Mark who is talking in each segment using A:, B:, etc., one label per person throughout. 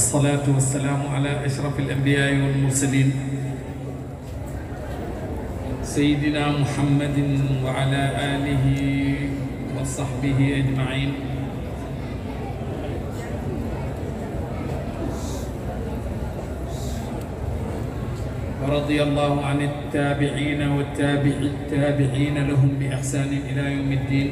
A: والصلاة والسلام على أشرف الأنبياء والمرسلين سيدنا محمد وعلى آله وصحبه أجمعين ورضي الله عن التابعين والتابعين لهم بإحسان إلى يوم الدين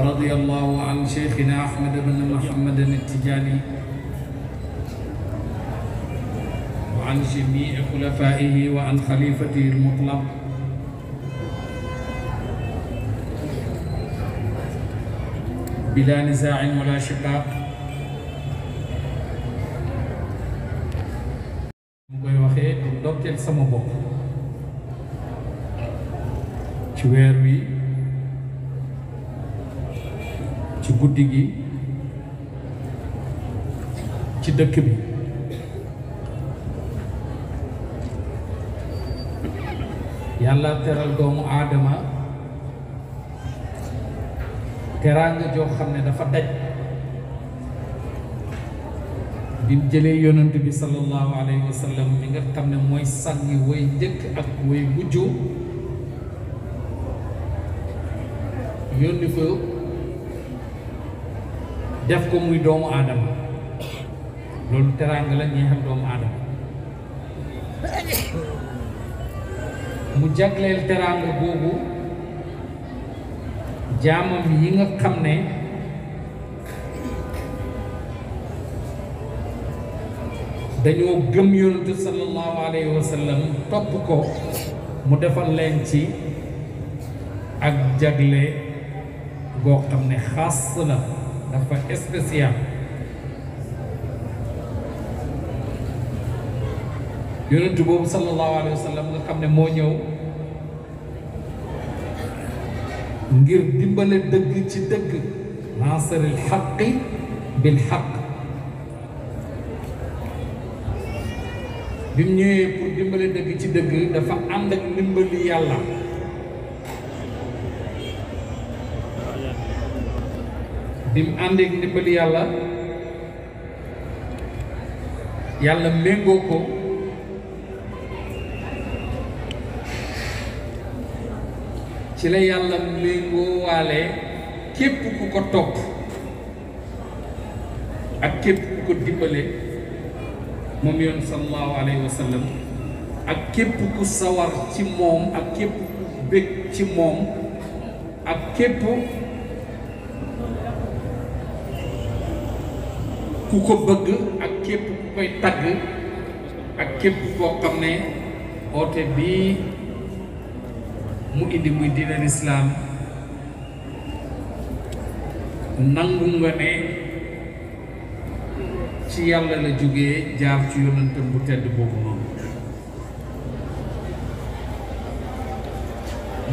A: ورضي الله عن شيخنا أحمد بن محمد التجاني وعن جميع خلفائه وعن خليفته المطلق بلا نزاع ولا شقاق mu koy waxee guddi gi ci dëkk bi yàlla teral doomu aadama teraanga joo xam ne dafa daj bim jëlee yonent bi sallallahu alayhi wa sallam nga xam ne mooy sànni way njëkk ak way mujj yónni ko def ko muy doomu aadama loolu teraanga la ñuy xam doomu aadama mu jagleel teraanga boobu jaamam yi nga xam ne dañoo gëm yonentu sallallahu alayhi wa topp ko mu defal leen ci ak jagle goo xam ne xaas la dafa spécial yonentu boobu sallallahu alayhi wa nga xam ne moo ñëw ngir dimbale dëgg ci dëgg naasaril xaqi bil xaq bi mu ñëwee pour dimbale dëgg ci dëgg dafa ànd ak ndimbali yàlla bi mu àndeek ndimbali yàlla yàlla méngoo ko ci la yàlla méngoo waale képp ku ko topp ak képp ku ko dimbale moom yoon sallallahu alayhi wa ak képp ku sawar ci moom ak képp ku bég ci moom ak képp ku ko bëgg ak képp ku koy tagg ak képp koo xam ne oote bii mu indi muy diinal islaam nangu nga ne ci yàlla la jóge jaar ci yonentam bu tedd boobu noonu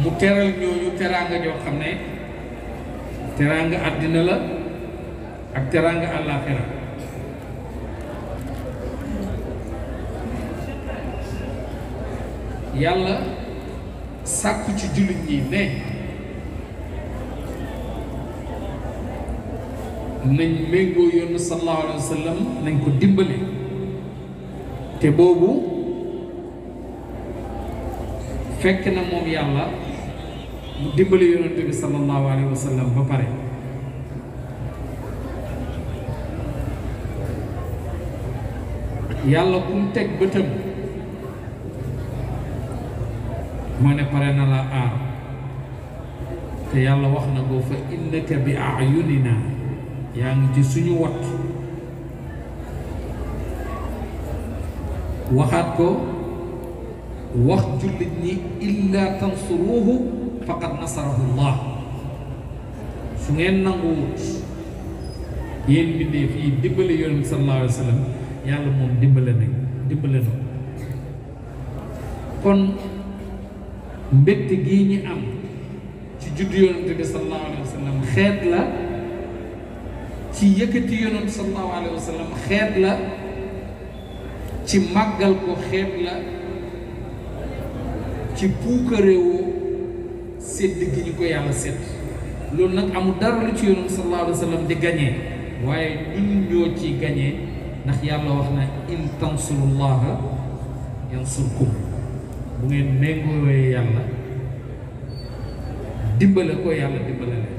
A: mu teral ñooñu teraanga joo xam ne teraanga àddina la ak teraanga àllaaxira yàlla sàkku ci jullit ñi ne nañ méngoo yoonu sallallahu alayhi wa sallam nañ ko dimbale te boobu fekk na moom yàlla mu dimbale yonent bi sallallahu alayhi wa sallam ba pare yàlla ku mu teg bëtam mane pare na la aar te yàlla wax na ko fa innaka bi ayunina yang ngi ci suñu wat waxaat ko wax jullit ñi illa tansuruhu faqad nasarahu llah su ngeen nanguwut yéen bindee fii dimbale yonent sallallahu alayhi Wasallam, sallam yàlla moom dimbale kon mbégte gii ñi am ci juddu yonante bi sallallahu alayhi wa sallam xeet la ci yëkkati yonante sallallahu alayhi wa sallam xeet la ci màggal ko xeet la ci puukaréewoo sedd gi ñu ko yàlla sedd loolu nag amul dara lu ci yonante sallallahu alayhi wa sallam di gañee waaye ñun ñoo ci gañee ndax yàlla wax na in tansurullaha yansurkum bu ngeen méngoowee yàlla dimbale ko yàlla dimbale leen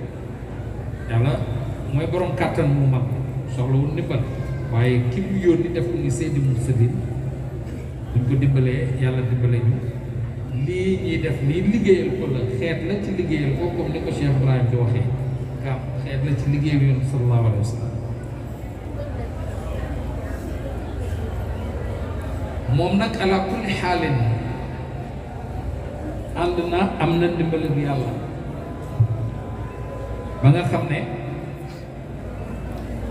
A: yàlla mooy borom kàttan mu mag soxlawul ndimbal waaye ki mu yónni def ko ngi seddi mu sëddin buñ ko dimbalee yàlla dimbale ñu lii ñuy def nii liggéeyal ko la xeet la ci liggéeyal ko comme ni ko Cheikh Ibrahim di waxee kaam xeet la ci liggéeyal yoon sallallahu alayhi wa sallam moom nag ala kulli xaalin ànd na am na ndimbalu yàlla ba nga xam ne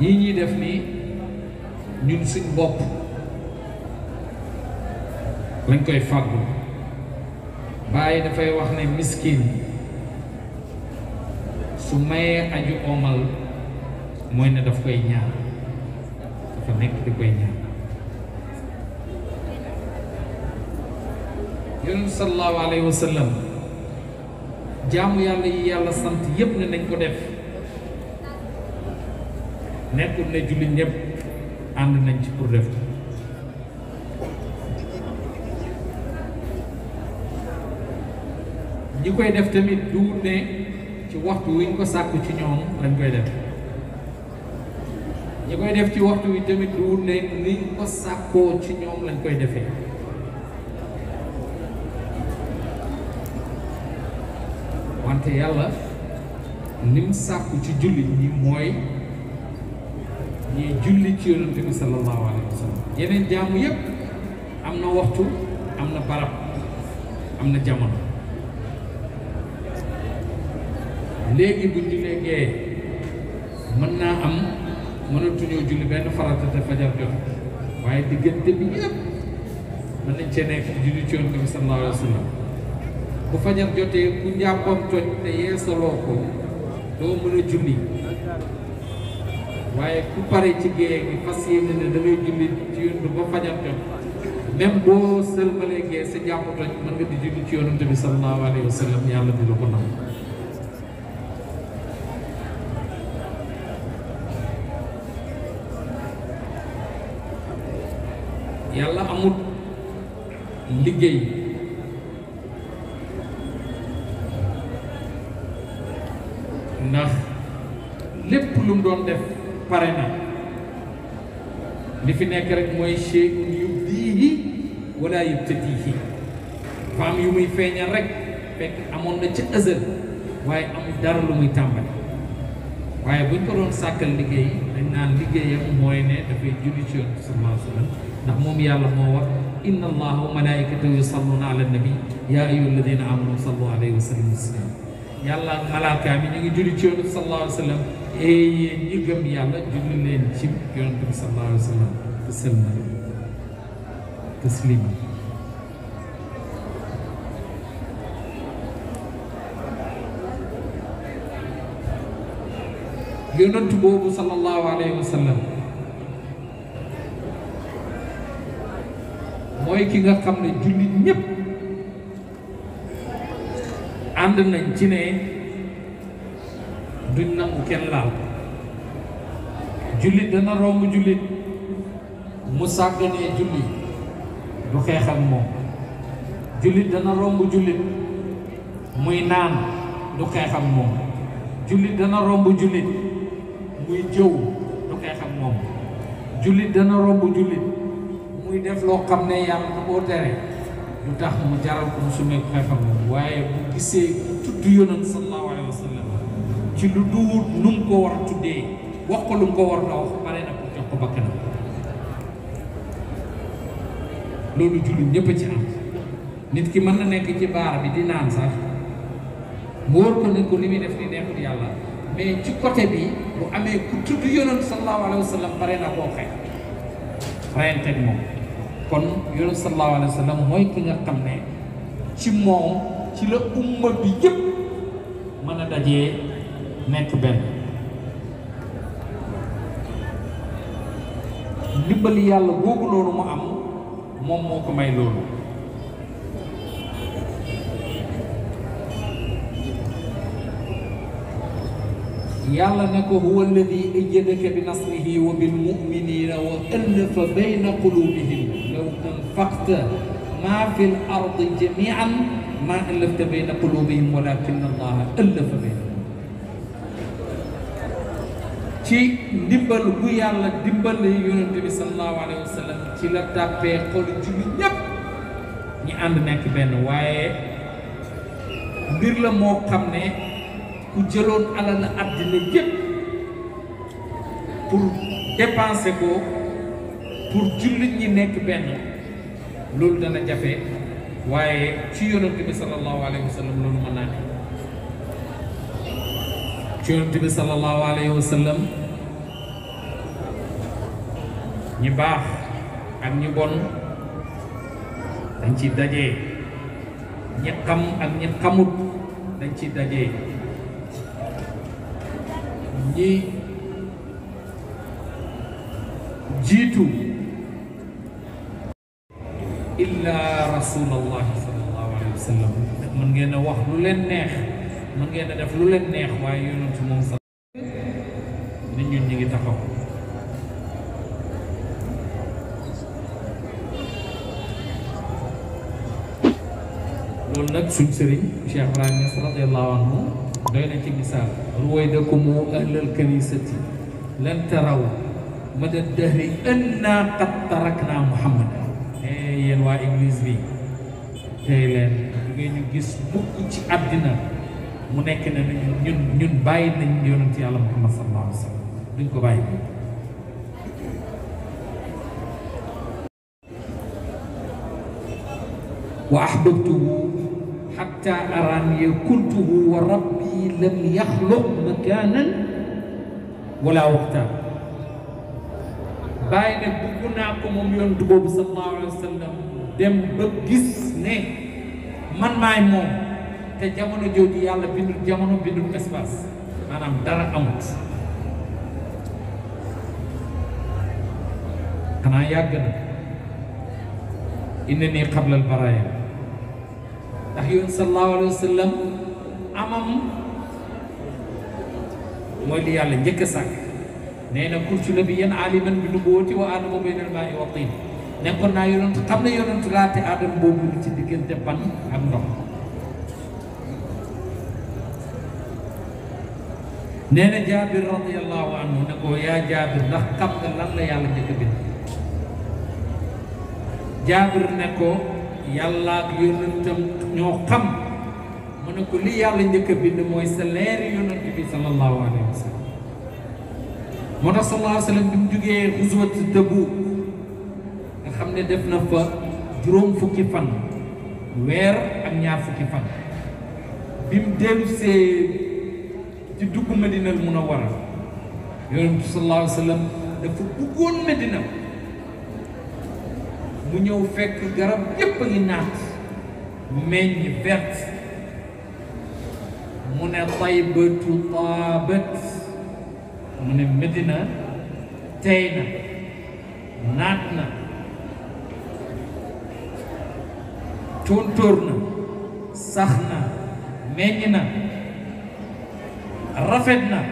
A: yii ñuy def nii ñun suñ bopp lañ koy fàggu bàyyi dafay wax ne miskin su mayee aju omal moy ne daf koy ñaan dafa nekk di koy ñaan yonent sallallahu alayhi wa sallam yàlla yi yàlla sant yépp ne nañ ko def nekkul ne jullit ñëpp ànd nañ ci pour def ñi koy def tamit du ne ci waxtu wi ñu ko sàkku ci ñoom lañ koy def ñi koy def ci waxtu wi tamit du ne ni ko sàkkoo ci ñoom lañ koy defee te yàlla nim sàkku ci jullit ñi mooy ñuy julli ci yonante bi sallallahu alayhi wa yeneen jaamu yépp am na waxtu am na barab am na jamono léegi bu jullee gee mën naa am mënatuñoo julli benn farata te fajar jot waaye diggante bi yépp mën nañ cee nekk julli ci bi sallallahu bu fajar jotee ku njàppam toj te yeesaloo ko doo mën a julli waaye ku pare ci géeye gi fas yéene ne da julli ci yonent ba fajar jot même boo sëlmalee gee sa jàpp toj mën nga di julli ci yonent bi sallallahu alayhi wa sallam yàlla di la ko nangu yàlla amul liggéey fi nekk rek mooy shay'un yubdiihi wala yubtadiihi faam yu muy feeñal rek fekk amoon na ca ësël waaye amul dara lu muy tàmbali waaye buñ ko doon sàkkal liggéey dañ naan liggéeyam mooy ne dafay julli ci Yonent bi sallallahu moom yàlla moo wax inna allaha wa malaikatahu yusalluna ala nabi ya ayyuha ñu ngi julli ci Yonent bi sallallahu alayhi ñi gëm yàlla julli leen ci Yonent bi sallallahu وسلم تسليما yonent boobu sallallahu alayhi wa sallam mooy ki nga xam ne jullit ñépp ànd nañ ci ne duñ nangu kenn laal jullit dana romb jullit mu sàgganee julli du xeex ak dana rombu jullit muy naan du xeex ak dana rombu jullit muy jëw du xeex ak dana rombu jullit muy def loo xam ne yàlla da koo tere lu tax mu jaral ko mu sumee xeex ak moom waaye bu gisee tudd yonent sallallahu alayhi wa ci lu duwut nu ko war a tuddee lu ko war wax bare na ko jox ko bakkanam loolu jullit ñëpp ci am nit ki mën na nekk ci baar bi di naan sax mu wóor ko ne ko li muy def ni neexul yàlla mais ci côté bi bu amee ku tudd yonent sallallahu alayhi wa bare na koo xeex reyante ak moom kon yonent sallallahu alayhi wa mooy ki nga xam ne ci moom ci la umma bi yëpp mën a dajee nekk benn ndimbali yàlla boobu noonu mu am mom moko may loolu yàlla nako huwa alladhi ajadaka bi nasrihi wa bil muminina wa alafa bayna qulubihim law anfaqta ma fi l ardi jamian ma allafta bayna qulubihim walakin allaha allafa bayna ci ndimbal bu yàlla dimbal yonente bi sallallahu alayhi wa sallam ci la tàppee xolu jullit ñépp ñi ànd nekk benn waaye mbir la moo xam ne ku jëloon alal àddina yépp pour dépenser ko pour jullit ñi nekk benn loolu dana jafe waaye ci yonent bi sallallahu alayhi wa loolu mën naa ne ci yonent bi sallallahu alayhi wa ñi baax ak ñu bon dañ nyakam ang nyakamut xam ak ñi xamut illa rasulallahi sallallahu alayhi wa sallam mën ngeen a suñ sëriñ Cheikh Ibrahim Niass radiyallahu anhu doy na ci misaal ruwaydakum ahlal kanisati lan taraw mada dahri anna qad tarakna muhammad yéen waa église bi tey leen ngeen ñu gis mukk ci àddina mu nekk ne ñun ñun bàyyi nañ yonent yàlla muhammad sallallahu alayhi wa sallam duñ ko bàyyi wa ahbabtuhu حتى أراني كنته وربي لم يخلق مكانا ولا وقتا bàyyi ne bëgg naa ko moom yonent boobu sallallahu alayhi wa sallam dem ba gis ne man maay moom te jamono jooju yàlla bindul jamono bindul espace maanaam dara amut xanaa yàgg na inna nii xablal baraaya ndax yoon sallallahu alayhi wa amam mooy li yàlla njëkk a sàkk nee na kurtu nabiyyan aliman bi nubuwwati wa aadama bayna al-maa'i wa tiin naa yonent xam ne yonent laa te aadama boobu lu ci diggante ban ak ndox nee na jaabir radiyallahu anhu ne ko yaa jaabir ndax xam nga lan la yàlla njëkk a jaabir ne ko yàlla ak yonentam ñoo xam mu ne ko li yàlla njëkk a bind mooy sa leer yonent bi sallallahu alayhi wa sallam moo tax sallallahu alayhi wa bi mu jugee xusuwat Tabuk nga xam ne def na fa juróom fukki fan weer ak ñaar fukki fan bi mu dellusee ci dugg Madina al Munawwara yonent bi sallallahu alayhi wa sallam dafa bëggoon Madina mu ñëw fekk garab yépp a ngi naat من فرت من طيبة طابت من مدينة تينا ناتنا تونتورنا سخنا مينينا رفدنا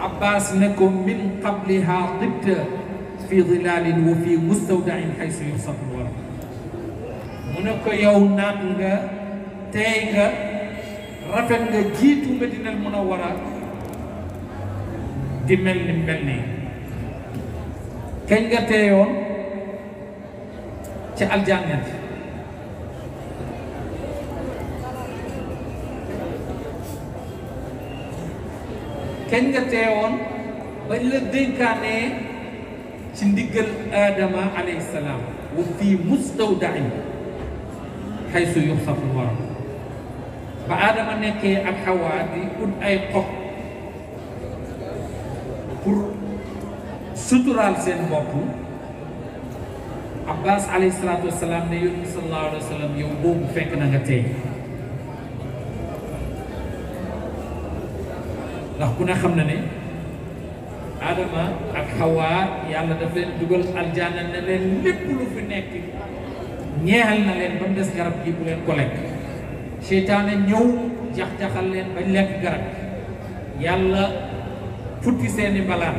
A: عباس نكم من قبلها طبت في ظلال وفي مستودع حيث يصف الورق mu ne ko yow naat nga tey nga rafet nga jiitu Madinal Munawwara di mel ni mel nii kañ nga teeyoon ci aljanna kañ nga teewoon bañ la dénkaanee ci ndiggal aadama alayhi salaam wa fii mustawdain xaysu yux saful waram ba aadama nekkee ak di ut ay xob pour suturaal seen bopp abbas alayhi salaatu wasalaam ne yónni sallallahu alayhi wa sallam yow boobu fekk na nga tey ndax ku ne xam na ne aadama ak xawaa yàlla daf leen dugal aljaana ne leen lépp lu fi nekk ñeexal na leen ba mu des garab gi bu leen ko lekk seytaane ñëw jax-jaxal leen bañ lekk garab yàlla futti seeni mbalaan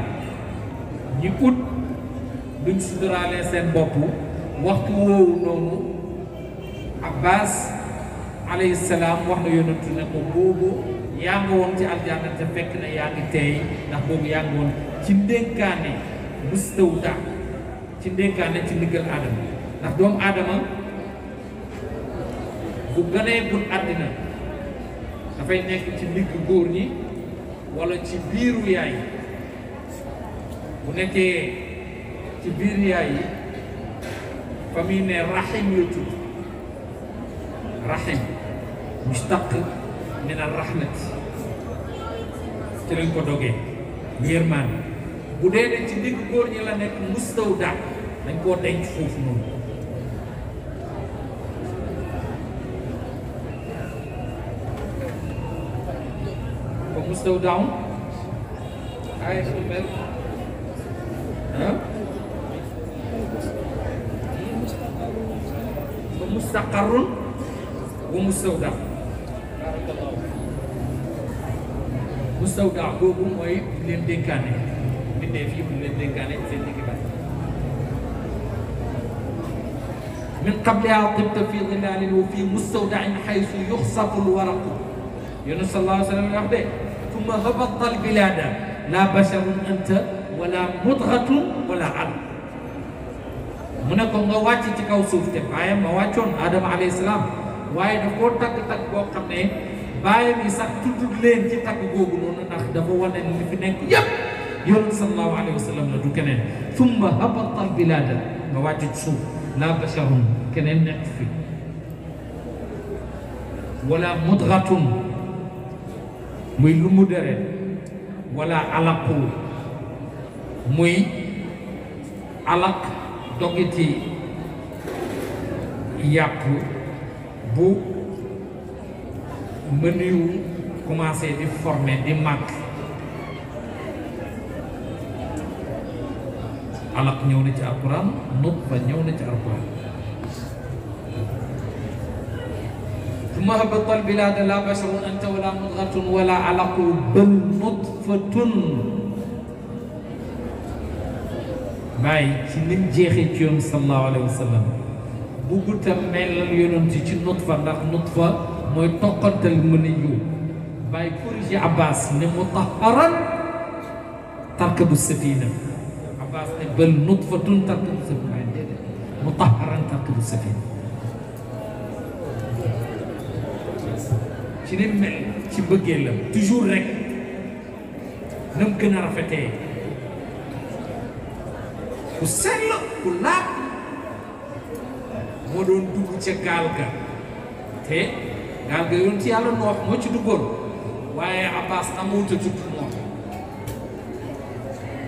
A: ñu ut duñ suturaale seen bopp waxtu woowu noonu abbas alayhi salaam wax na yonentu ne ko boobu yaa nga woon ci aljanna te fekk na yaa ngi teey ndax boobu yaa ci ndénkaane mustawda ci ndénkaane ci ndiggal aadama ndax doomu aadama bu gënee bul àddina dafay nekk ci ndigg góor ñi wala ci biiru yaay yi bu nekkee ci biiru yaay yi ne raxim la tudd mustaq min al rahmat ci lañ ko dogee yërmaan bu dee ci ñi la mustawda dañ denc مستودع عايش في ها مستقر ومستودع بارك الله مستودع بوبو موي بلين ديكاني بلين في بلين ديكاني زين ديكاني من قبلها طبت في ظلال وفي مستودع حيث يخصف الورق يونس صلى الله عليه وسلم يقول ثم هبطت البلاد لا بشر أنت ولا مضغة ولا علم mu ne ko nga wàcc ci kaw suuf te baayam ma wàccoon Adama alayhi salaam waaye daf koo tagg tagg boo xam ne baayam yi sax tuddut leen ci tagg googu noonu ndax dafa wane ne li fi nekk yépp yoonu sallallahu alayhi wa sallam la du keneen thumma habata al bilada nga wàcc ci suuf la basharun keneen nekk fi wala mudghatun muy lu mu deret wala alaqu muy alaq dogiti yàpp bu mënuwu commencé di former di màgg alaq ñëw na ci alquran nut ba ñëw na ci alquran ثم هبط البلاد لا بشر انت ولا مضغه ولا علق بل نطفه باي شي نين جيخي تيوم صلى الله عليه وسلم بوكتا ميل يونتي شي نطفه نخ نطفه موي توقنتل منيو باي كوريجي عباس نمطهرا تركب السفينه عباس بل نطفه تركب السفينه مطهرا تركب السفينه ci ni mel ci bëggee la toujours rek na mu gën a rafetee ku sell ku laab moo doon dugg ca gaal ga te gaal ga yoon ci yàlla noox moo ci duggoon waaye Abbas amuta tudd moom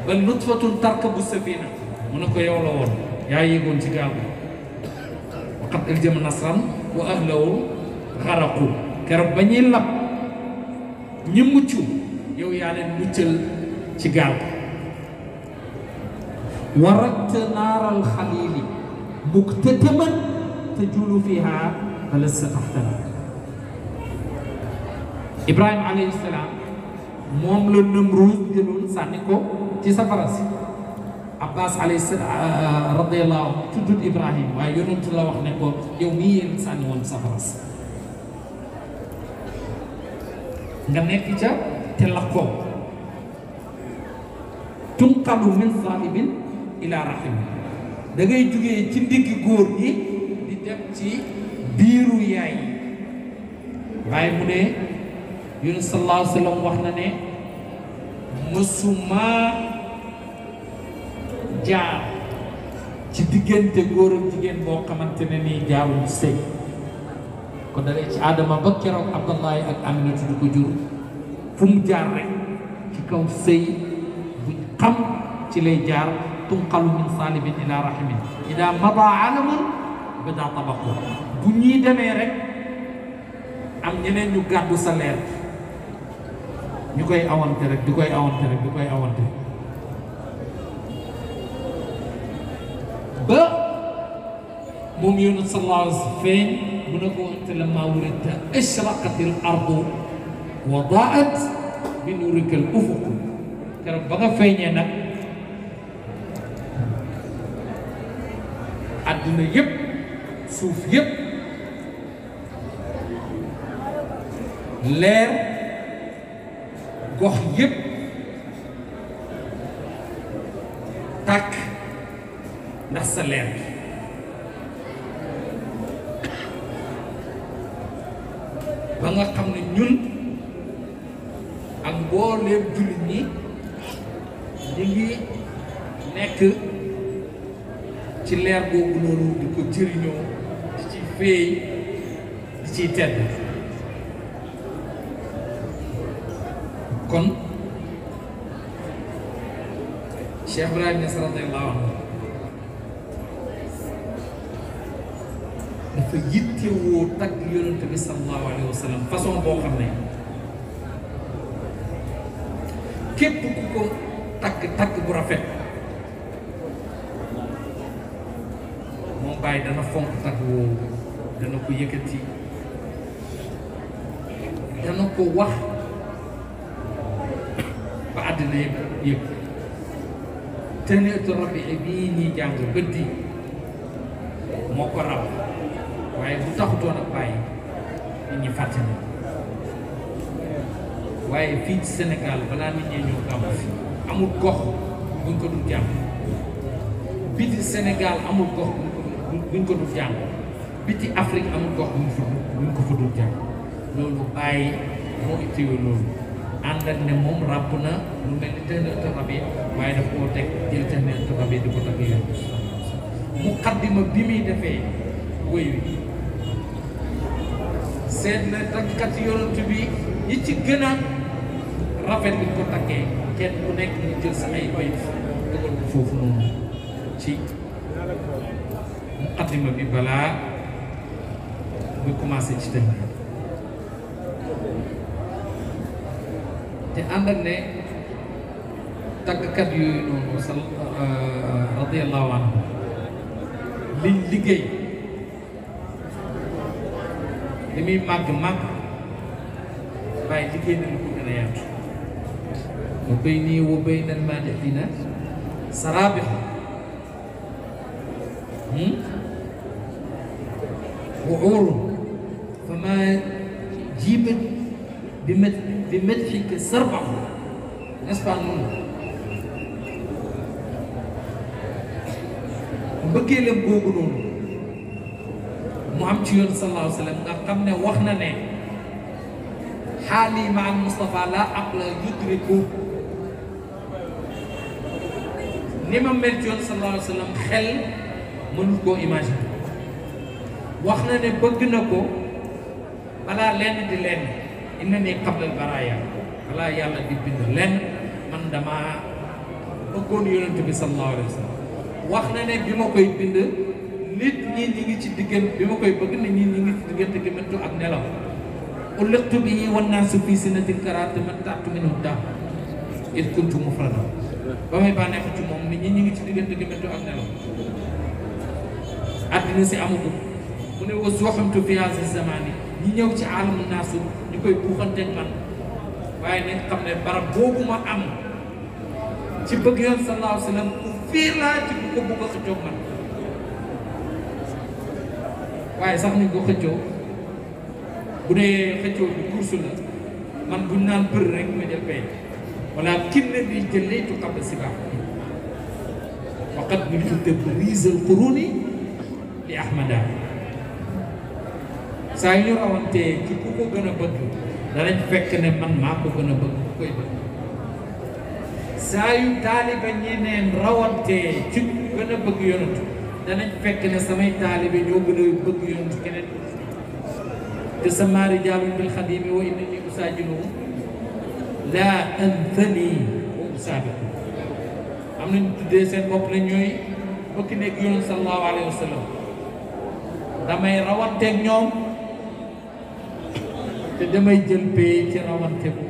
A: ba nutfatun tarkabu safina mu ne ko yow la woon yaa yéegoon ci gaal ga waqad aljama nasran wa ahlahu xaraqu keroog ba ñuy lab ñi mucc yow yaa leen muccal ci gaal ko waragta naaral xalili muktataman te julu fiha falasta taxtana ibrahima alayhi salaam moom la Namruud jëloon sànni ko ci safara si abbas alayhi salaam ah, ah, radiyallahu tuddut ibrahim waaye yonentu la wax ne ko yow mii yéen sànni woon safara si nga nekk ca te lakkoo tunqalu min sahibin ila rahim da ngay ci ndiggi góor gi di dem ci biiru yaay waaye mu ne yunus sallallahu alayhi wax na ne mësuma jaar ci diggante góor ak jigéen boo xamante ne nii jaarul sëy kon dalee ci Adama ba keroog Abdallahi ak Aminata di ko jur fu jaar rek ci kaw sëy buñ xam ci lay jaar tunqalu min saalibin ila rahimin ida mada alamun bada tabaqu bu ñuy demee rek am ñeneen ñu gàddu sa ñu koy awante rek di koy awante rek ba moom yonent sallallahu feeñ هناكو انت لما ولدت اشرقت الارض وضاءت بنورك الافق فين انا عدنا يب سوف يب لير قوح يب تاك نحس لير nga xam ne ñun ak mbooleem jullit ñi ñu ngi nekk ci leer boobu noonu di ko jëriñoo di ci feey di ciy tedd kon Cheikh Ibrahima Niass radiyallahu anhu dafa yittewoo tagg yonent bi sallallahu Alaihi Wasallam. sallam façon boo xam ne képp ku ko tagg tagg bu rafet moom bàyyi dana fonk tagg woowu dana ko yëkkati dana ko wax ba àddina yëpp yëpp te neetu rabi bii ñuy jàng waaye bu taxutoon ak bàyyi nit ñi fàtte na waaye fii ci balaa nit ñi ñëw gàmmu fi amul gox buñ ko dul jàng biti Sénégal Afrique amul gox buñ fa fa dul jàng loolu bàyyi moo itteewu loolu ànd ak ne moom ràbb na lu mel ni téeméer rabe waaye daf koo teg jël téeméer rabe di ko teg yéen muqaddima bi muy defee wéy seet na takkat yonent bi ñi ci gën a rafet bi ko takkee kenn ku nekk ñu jël sa ay oyof dugal ko foofu noonu ci muqaddima bi balaa muy commencé ci tamit te ànd ne takkkat yooyu noonu sal euh, radiyallahu anhu liggéey li muy màgg màgg waaye jigéen ñi ko gën a yaatu wa bayni wa bayna al-maadiina saraabix وعور فما جيبت بمدحك سربعه نسمع منه mbëggeelam googu noonu yoon sallallahu xam ne wax na ne xaali ma al Moustapha la aqla yudriku ni ma mel yoon sallallahu xel mënul koo imaginer wax na ne bëgg na ko balaa lenn di lenn inna ni qabla al balaa yàlla di bind lenn man damaa bëggoon yonent bi wax na ne bi koy bind. nit ñi ñi ngi ci diggante bi ma koy bëgg nit ñi ñi ngi ci ak nelaw ulliqtu bihi wan naasu fii sinatin karaat man taatu minhu daam it kuntu mufrada ba may bànneex ci moom nit ñi ñi ngi ci diggante gémantu ak nelaw àddina si amagul mu ne was waxamtu fi haasi zamani ñi ñëw ci aalamu naasu ñu koy buuxante man waaye nag xam ne barab boobu ma am ci bëgg yoon sallallahu alayhi wa sallam laa ci bu ko bëgg a xëccoog man waaye sax ñu ko xëccoo bu dee xëccoo bu course la man buñ naan bër rek ma jël pay wala kinna bi jëleytu qabla sibaax waqad bintu tabriz al quruni li ahmada saa yu ñu rawantee ci ku ko gën a bëgg danañ fekk ne man maa ko gën a bëgg ku koy bëgg saa yu taaliba ñeneen rawantee ci ku gën a bëgg yonatu danañ fekk ne samay taalibe ñoo gën a bëgg yoon ci keneen te sa maari jaabi bil xadimi wa innani usaajinu laa anthani wa usaabiqu am nañ tuddee seen bopp ne ñooy bëgg nekk yoon sallallahu alayhi wa sallam damay rawanteeg ñoom te damay jël pay ci rawante bu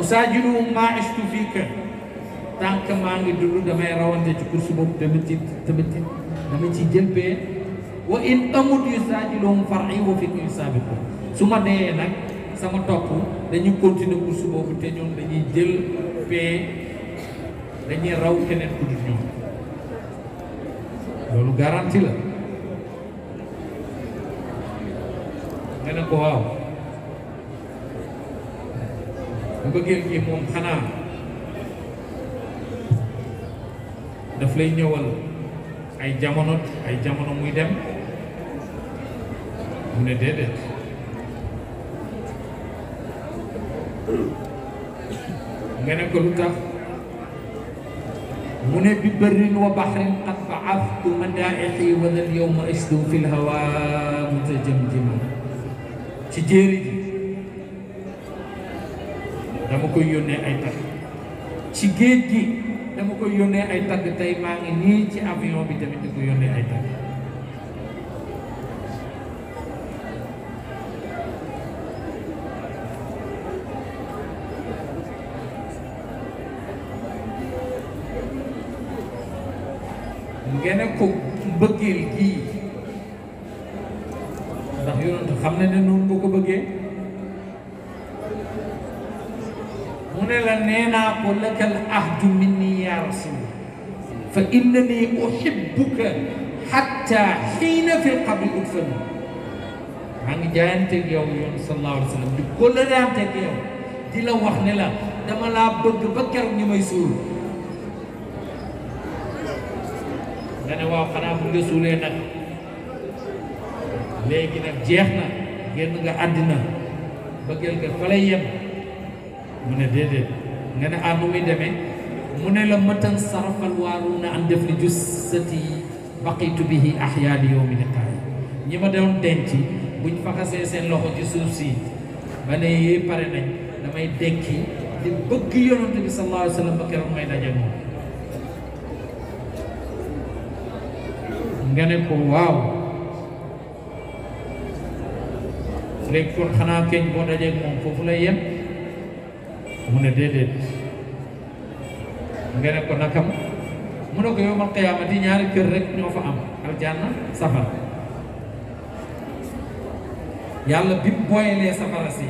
A: usaajinu maa ishtu fii kër tant maa ngi dund damay rawante ci course boobu dama ci dama ci dama ci jëlbee in amut yu saajiloom far yi wa fit yu saabiku su ma deyee nag sama topp dañuy continuer course boobu te ñoom dañuy jël pee dañuy raw keneen ku dul ñoom loolu garantie la nga ne ko waaw bu bëggee kii moom xanaa daf lay ñëwal ay jamono ay jamono muy dem mu ne déedéet nga ne ko lu tax mu ne bi bërin wa baxrin qad baaftu madaaixi wa dal yowma isdu fi lhawa mutajamjima ci jéeri ji dama koy yónnee ay tax ci géej gi dama koy yónnee ay tagg tey maa ngi nii ci avion bi tamit di ko yónnee ay tagg ngeen ko bëggeel kii ndax yonent xam na ne noonu nga ko bëggee mu ne la nee naa ko lëkkal ahdu fa innani uhibbuka hatta xiina fil qabri udfan maa ngi jaayanteeg yow yoon sallallahu alayhi wa sallam di kóllëraanteeg yow di la wax ne la dama laa bëgg ba keroog ñu may suul nga ne waaw xanaa bu nga suulee nag léegi nag jeex na génn nga àddina bëggeel nga fa lay yem mu ne déedéet nga ne ah nu muy demee mu ne la matan sarafal na an def li jussati baqitu bihi ahyaa bi yawmi liqaay ñi ma doon denc buñ faxasee seen loxo ci suuf si ba ne yee pare nañ damay dekki di bëgg yonent bi sallallahu alayhi wa sallam ba keroog may daje moom nga ne ko waaw léegi kon xanaa keñ boo dajeeg moom foofu lay yem mu ne déedéet nga ne ko nakam mu ne ko yowmal qiyaamati ñaari kër rek ñoo am aljanna safara yàlla bi mu booyalee safara si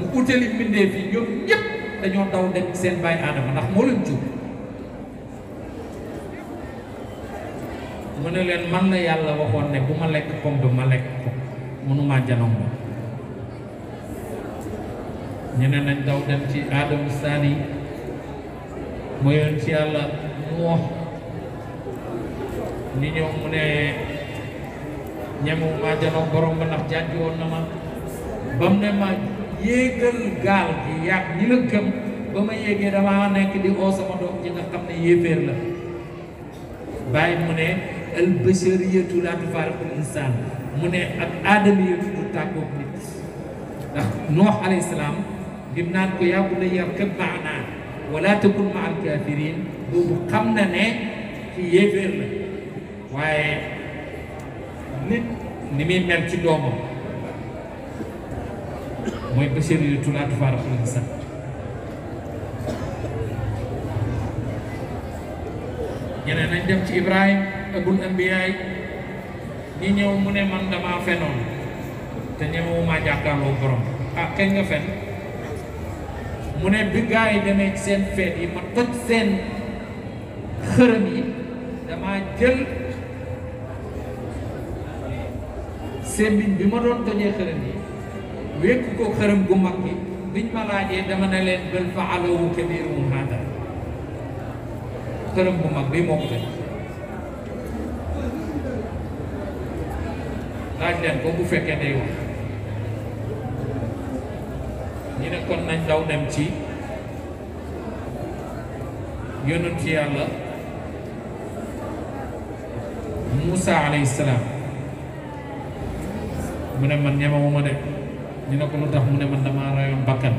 A: mu utali mbindee fi ñoom ñëpp dañoo daw dem seen bàyyi aadama ndax moo leen jur mu ne man la ne ma nañ daw dem ci mu yoon ci yàlla mu wax ni ñëw mu ne ñemu maa janoog borom ba ndax jànj woon na ma ba mu ne ma yéegal gaal gi yàgg ñi ba ma yéegee damaa nekk di oo sama doom ji nga xam ne yéeféer la bàyyi mu ne al bashariyatu laa insaan mu ne ak aadama yëpp du tàggoog nit ndax noox alayhi salaam bi naan ko yaa bunayya rkab ma'anaa wala takun ma al kafirin boobu xam na ne ci yéeféer la waaye nit ni muy mel ci doomam mooy bashir yu tulaatu faaraxul sax ñeneen nañ dem ci ibrahim abul ambiyaay ñi ñëw mu ne man damaa fenoon te ñemewumaa jàkkaarloo borom ah kañ nga fen mu ne bi gaa demee seen feet yi ma toj seen xërëm yi damaa jël sembiñ bi ma doon tojee xërëm yi wékk ko xërëm gu mag biñ ma laajee dama ne leen bal fa'alahu kabiiruhum haadaa xërëm gu mag bi moo ko toj laaj leen ko bu fekkee day ne kon nañ daw dem ci yonent yàlla Moussa alayhi salaam mu ne man ñemewuma de ñu ko lu tax man damaa rayoon bakkan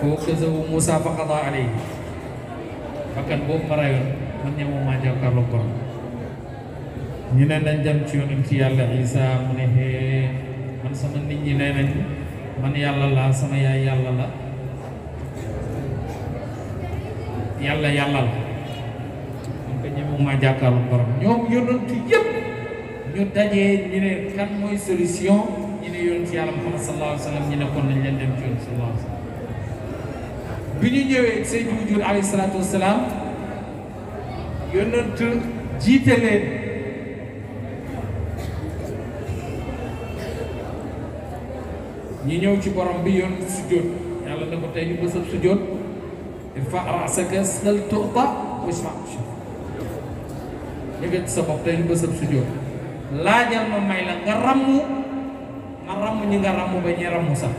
A: foo xësawu Moussa alayhi bakkan ñu ne nañ dem ci yonent yàlla Isa mu ne hee man sama nit ñi nee nañ man yàlla laa sama yaay yàlla la yàlla yàlla la man ko ñemewuma jàkkaarlu borom ñoom yonent yëpp ñu dajee ñu ne kan mooy solution ñu ne yonent yàlla Muhammad sallallahu alayhi wa sallam ñu ne kon nañ dem ci yonent sallallahu alayhi wa sallam bi ñu ñëwee seen wujur alayhi salaatu jiite leen ñi ñëw ci borom bi yoon sujjóot yàlla na ko tey di bësëb sujjóot irfa rasaka sal tuta wasfa yëgat sa bopp tey di bësëb sujjóot laajal ma may la nga rammu nga ramu ñi nga ramu ba ñi rammu sax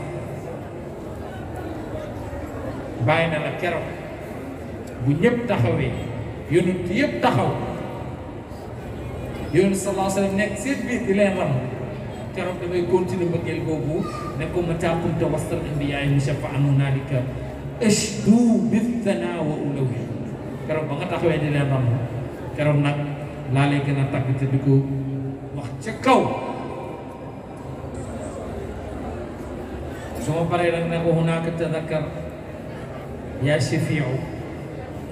A: bàyyi na la keroog bu ñëpp taxawee yonent yëpp taxaw yonent sallallahu alayhi wa sallam nekk seen di leen rammu keroog damay continuer mbëggeel boobu ne ko ma taakunta wastal anbiyaay mu shafa anu naalika ashdu bithana wa ulawi keroog ba nga taxawee di leen ram keroog nag laa lay gën a tàgg te di wax ca kaw su ma paree nag ne ko hunaaka tadakar yaa shafiu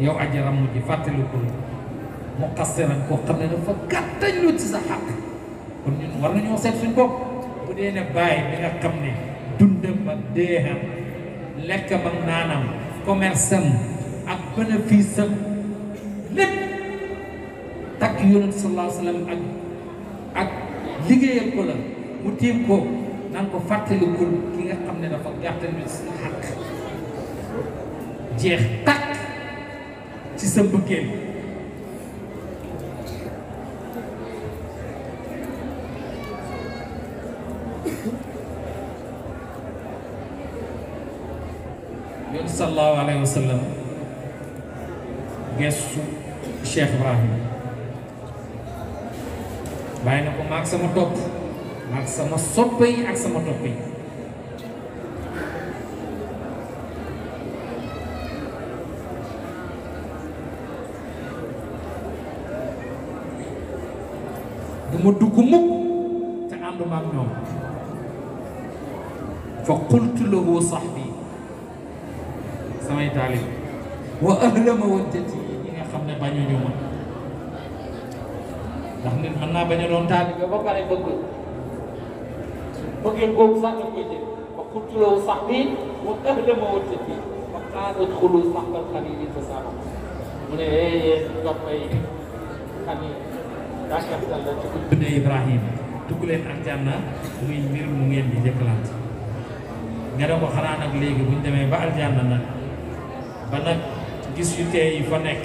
A: yow ajaram mu ji fàttaliku mu xaste nag koo xam ne dafa gàttañ lu ci sa xàq kon ñun war nañoo seet suñu bopp bu dee ne bàyyi bi nga xam ne dundam ak deexam lekkam ak naanam commerce am ak bénéfice am lépp takk yonent sallallahu ak ak ko la mu tiim ko nan ko fàttalikul ki nga xam ne dafa gàttal ñu si jeex takk ci sa mbëggeel alayhi wa sallam gestu Cheikh bàyyi na ko maag sama topp maag sama soppe yi ak sama topp yi du ma dugg mukk te ànduma ak ñoom fa qultu lahu sahbi samay taalib wa ahla mawaddati nga xam ne bañu ñu ndax nit mën naa bañ a doon taalib ba pare bëgg bëggee googu sax nga koy jël wa kutloo sax bi wa ahla ne eh, yéen toppay leen ak jànna muy mbir mu ngeen di jëkkalante nga ne ko xanaa nag léegi buñ demee ba aljanna nag ba nag gis yu tee yi fa nekk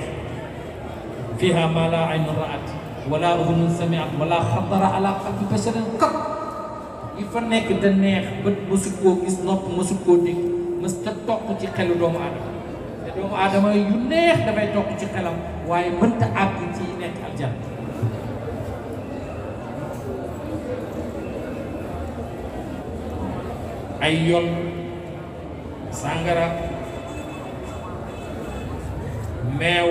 A: fiha ma la aynun ra'at wala udunun sami'at wala xadara ala qalbi basharin qat yi fa nekk da neex bët mësu koo gis nopp mësu koo dégg mës ta toq ci xelu doomu aadama te doomu aadama yu neex dafay toq ci xelam waaye mënta àgg ci nekk aljanna ay yoon sàngara ميو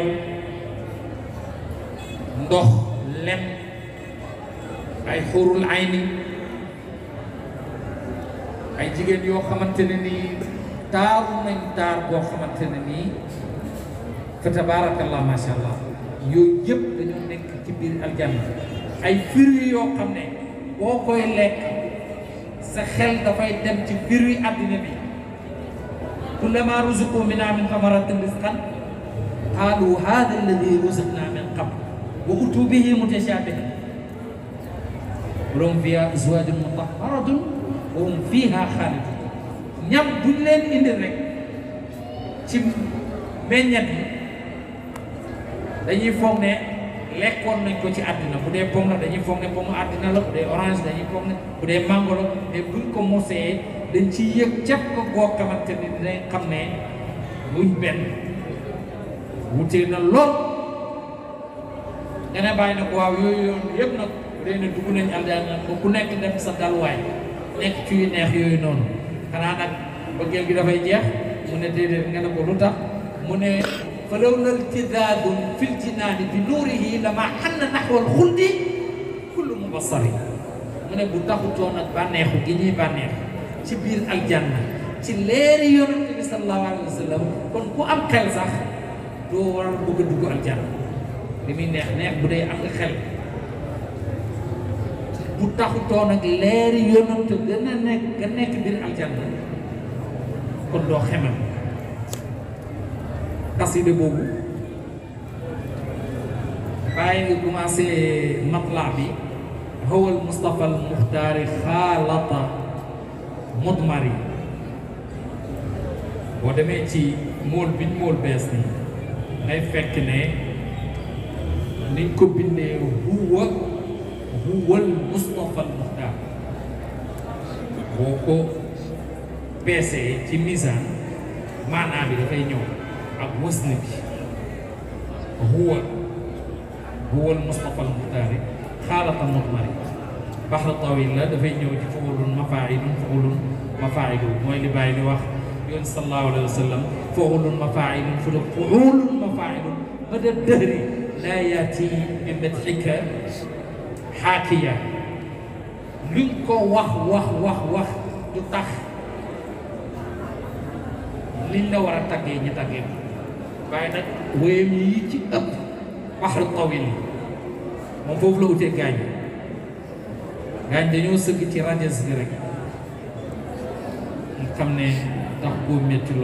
A: ندخ لم اي حور العين اي جيجن يو خمانتيني تار من تار بو خمانتيني فتبارك الله ما شاء الله يو يب دنيو نيك تي بير الجنة اي فيرو يو خمني بوكوي ليك سا خيل دا فاي دم تي فيرو ادنا بي كلما رزقوا منا من ثمرات رزقا qaalu haadha alladi ruziqnaa min qabl wa utuu bihi mutashaabihan lahum fiihaa azwaajun mutahharatun wa hum fiihaa xaalidun ñam buñ leen indil rek ci meññet bi dañuy foog ne lekkoon nañ ko ci àddina bu dee pomme la dañuy fom ne pomme àddina la bu dee orange dañuy foog ne bu dee mango la mais buñ ko mosee dañ ci yëg cap ko boo xamante ni dinañ xam ne luñ benn wutee na lool nga ne bàyyi na ko waaw yooyu yoon yëpp nag léegi dugg nañu aljanna ba ku nekk def sa dalwaay nekk ci neex yooyu noonu xanaa nag bëggeel gi dafay jeex mu ne déedéet nga ne ko lu tax mu ne fa law la irtidaadun fil jinaani bi nuurihi lama xanna naxwal xuldi kullu mubassari mu ne bu taxutoon ak bànneexu gi ñuy bànneexu ci biir aljanna ci leeri sa bi sallallahu alayhi wa sallam kon ku am xel sax doo war a bëgg dugg aljana li muy neex neex bu dee am nga xel bu taxutoon ak leeri yonant gën a nekk nga nekk biir aljana kon doo xemal xaside boobu bàyyi nga commencé matla bi hawal Mustafa al Muxtaari xaalata mudmari boo demee ci mool biñ mool day fekk ne niñ ko bindee huwa huwal Mustafa al Muxtaar boo ko peesee ci misaan maanaa bi dafay ñëw ak wasna bi huwa huwal Mustafa al Muxtaar xaalata mutmari baxra tawil la dafay ñëw ci fuulun mafaa'ilun fuulun mafaa'ilun mooy li bàyyi di wax النبي صلى الله عليه وسلم فعول مفاعل فعول مفاعل بدا الدهر لا ياتي من مدحك حاكيا لنكو وح وح وح وح يطخ لين لا ورا تاغي ني تاغي تي اب بحر طويل مو فوف لو تي غاني غاني دانيو سكي تي راديس ديريك tax koo métti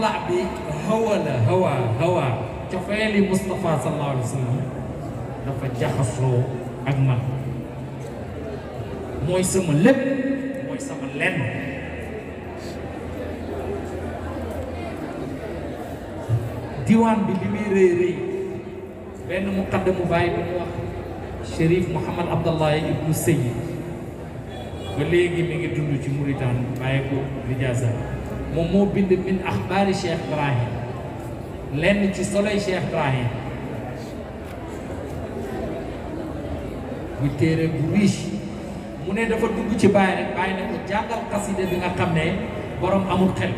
A: la hawa dafa jaxasoo ak man mooy sama lépp mooy sama lenn diwaan bi li muy rëy rëy benn muqaddamu bàyyi bu ñu wax Chérif Mouhamad Abdallah ibnu Seyid ba léegi mi ngi dund ci Mauritanie bàyyi ko lijaasa moom moo bind min axbaari Cheikh Ibrahim lenn ci soloy Cheikh Ibrahim bu téere bu riche mu ne dafa dugg ci bàyyi rek bàyyi ne ko jàngal xasida bi nga xam ne borom amul xel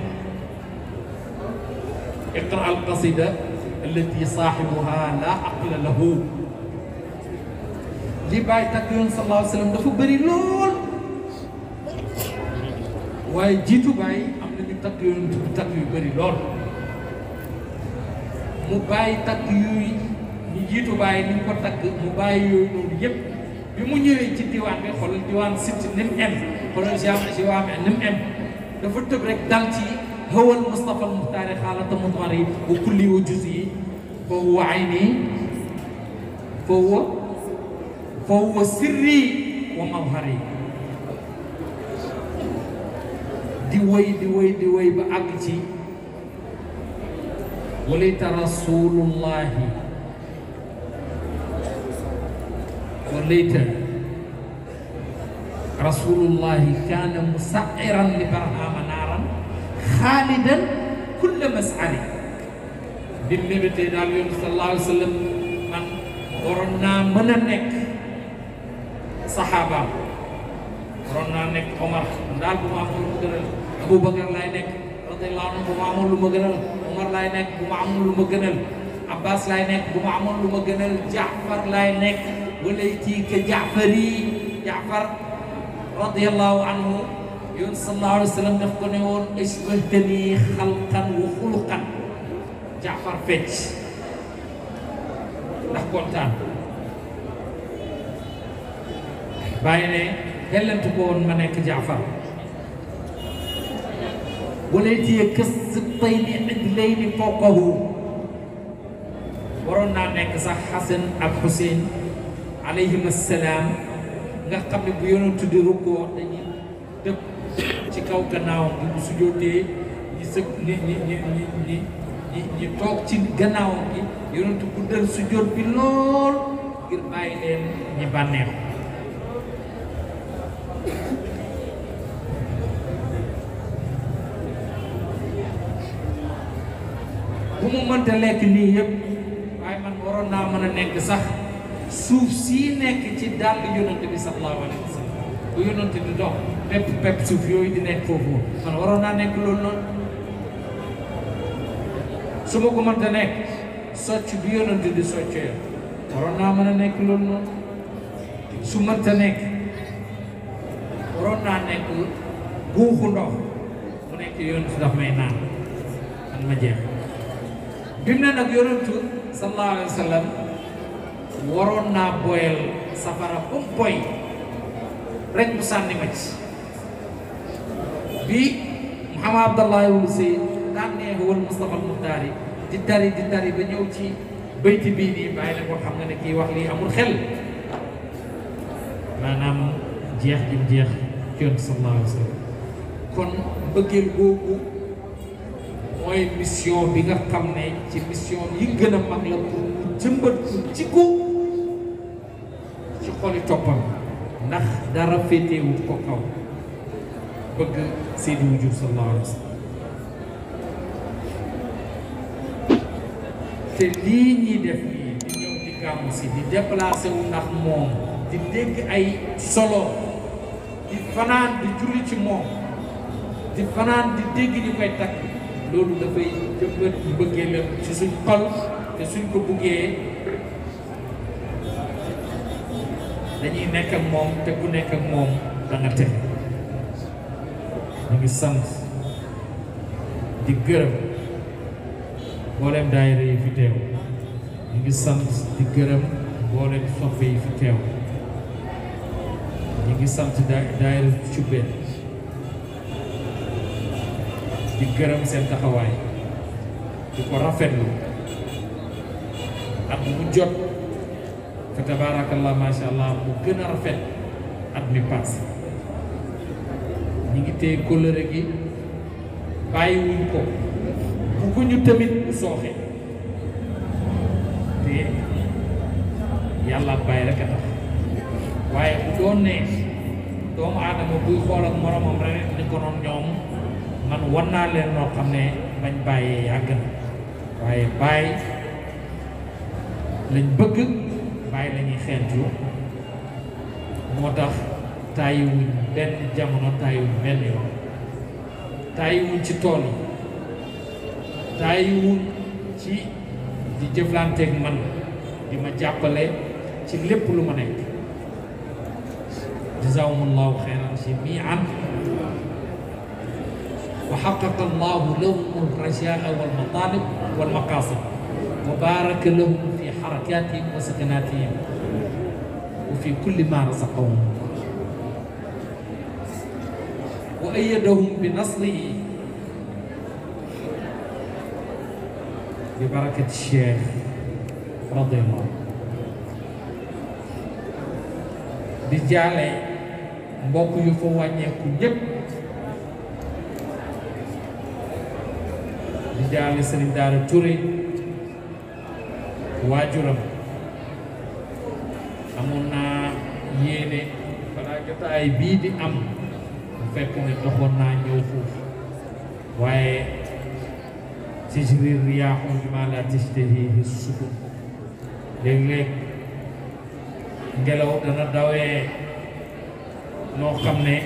A: اقرأ القصيدة التي صاحبها لا عقل له لي باي تاكيون صلى الله عليه وسلم دفو بري لول واي جيتو باي امنا لي تاكيون تاكيو بري لول مو باي تاكيو ni jitu baye ni ko tak mu baye yoy non yeb bi mu ñewé ci diwan bi xol diwan sit nim em xol jam ci wa nim em dafa teub rek dal ci هو المصطفى المختار خالة مطهري وكلي وجزئي فهو عيني فهو فهو سري ومظهري di way di way di way ba àgg ci walita rasulullahi walita rasulullahi kaana musairan li barhamana xaalidan kulla masali bi mu mébétee daal yoon sallallahu alayhi wa sallam man waroon naa mën a nekk saxaabaam waroon naa nekk Omar daal bu ma amoon lu ma gënal Aboubacar laay nekk radiyallahu anhu bu ma amoon lu ma gënal Omar laay nekk bu ma amoon lu ma gënal Abbas laay nekk bu ma amoon lu ma gënal Jaafar laay nekk wala ci ka Jaafar yi Jaafar radiyallahu anhu Yunus sallallahu alayhi oh, wa sallam daf ko ne woon isbahtani xalqan wa xuluqan Jaafar fecc ndax kontaan bàyyi ne xellantu ko woon ma nekk Jaafar ولدي كالسبطين عدلين فوقه ورونا نيك صح حسن اب حسين عليهما السلام nga xamne bu yonentu di ruko dañuy depp kaw gannaawam bu bu sujjóotee ñi ni ni ni ni ñi ñi ñi ñi toog ci gannaawam gi yonent guddal sujjóot bi lool ngir bàyyi leen ñi bànneex bu mu mënta lekk lii yëpp waaye man waroon naa mën a nekk sax suuf sii nekk ci dàll yonent bi sallallahu alayhi wa bu yonent di dox bépp bépp suuf yooyu di nekk foofu man waroon naa nekk loolu noonu su ma ko nekk socc bi yonent di soccee waroon naa mën a nekk loolu noonu su mënta nekk waroon naa nekk buuxu ndox mu nekk yonent daf may naan man ma jeex bi mu ne nag yonentu sallallahu alayhi wa waroon naa boyal safara comme boy rek mu sànni ma ci بي محمد عبد الله يوسي داني هو المصطفى المختاري جتاري جتاري بنيوتي بيتي بيني بايل ابو حمد نكي وحلي ام الخل مانام جيخ جيم جيخ كيون صلى الله عليه وسلم كون بكير بوكو موي ميسيون بيغا خامني سي ميسيون يي غنا ماك لا بور جيمبر سي كو سي خولي توبال ناخ دارا فيتي وو كو bëgg Seydi Wujud sallallahu alayhi wa sallam te lii ñuy def nii di ñëw di gàmmu si di déplacé ndax moom di dégg ay solo di fanaan di julli ci moom di fanaan di dégg ñu koy takk loolu dafay jëmbat bëggee lépp ci suñ xol te suñ ko buggee dañuy nekk ak moom te ku nekk ak moom da nga Renaissance di gërëm diary daayira yi fi teew ñu ngi sant di gërëm mboolem soppe yi fi teew ñu ngi sant daayira cubbeen di gërëm seen taxawaay di ko rafetlu at mu jot fa macha allah mu gën a rafet at mi ñu ngi téye kóllëre gi bàyyiwuñ ko bugguñu tamit bu sooxe te yàlla bàyyi rek a tax waaye bu ne doomu aadama buy xool ak moromam ni ko ñoom man wan leen loo xam ne bañ bàyyee yàgg na waaye bàyyi lañ bëgg bàyyi lañuy xeentu moo tax tàyyiwuñ benn jamono taayiwul benn yoon taayiwul ci tool yi taayiwul ci di jëflanteeg man di ma jàppale ci lépp lu ma nekk jazaahumullahu xayran jamiian wa xaqaqa allahu lahum alrajaa wal matalib wal maqasid wa baaraka lahum fi xarakatihim wa sakanatihim wa fi kulli ma razaqahum وأيدهم بنصره ببركة الشيخ رضي الله di jaale mbokk yu fa wàññeeku ñépp di jaale Serigne Daara Touré waajuram amoon naa yéene di am fekk ne doxoon naa ñëw foofu waaye tijrir riyaaxum bi maa laa tashtahiihi sudur léeg-léeg ngelaw dana dawee noo xam ne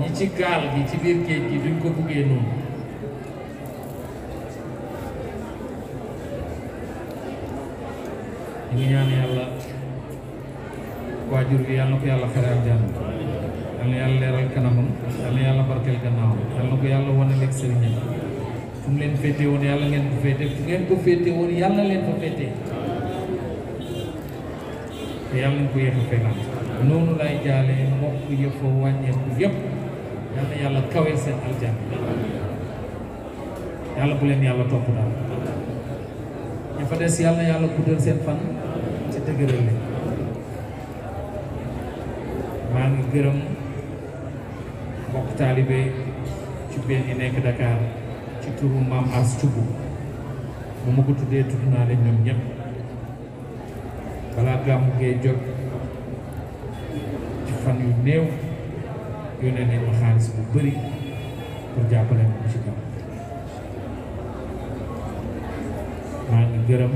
A: ñi ci gaal gi ci biir géej gi duñ ko buggee noonu ñu ñaan yàlla waajur bi yàlla ko yàlla xeral jàmm yal yàlla leeral kanamam yal na yàlla barkeel gannaawam yal ko yàlla wane lekk sëriñam fu mu leen féete woon yàlla leen féete te yàlla nañ ko yéex a fekkaat noonu lay jaalee mbokk yëfa wàññeeku yëpp yal na yàlla kawee seen aljana yàlla bu leen yàlla topp daal ña fa des yàlla yàlla guddal seen fan ci dëgëral leen maa ngi gërëm taalibe ci benn nekk Dakar ci turu maam as cubb bu ma ko tuddee tudd naa leen ñoom ñëpp balaa gàmmu gee jot ci fan yu néew yónnee nañ ma xaalis bu bëri pour jàppale moom ci gàmm maa ngi gërëm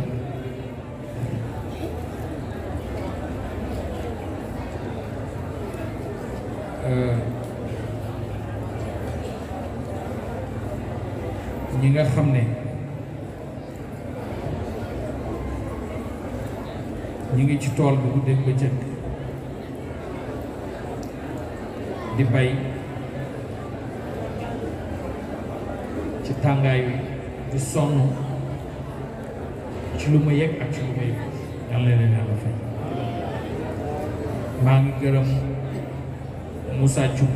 A: nga xam ne ñu ngi ci tool bi guddeeg bëccëg di bay ci tàngaay wi di sonn ci lu ma yëg ak ci lu ma yëg maa ngi gërëm Moussa Thioub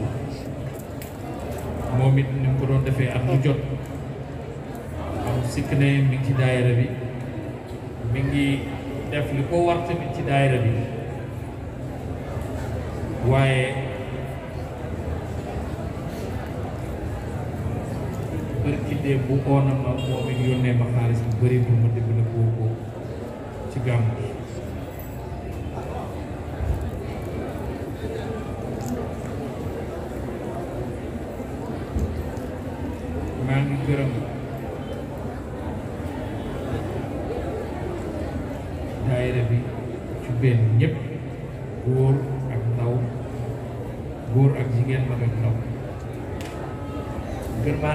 A: moom it ni ko doon defee at mu jot sikne minki daayira bi mi ngi def li ko war tamit ci daayira bi waaye bërki dee bu oona ma moom it yónnee ma xaalis bu bëri pour ma déglu ko ci gàmmu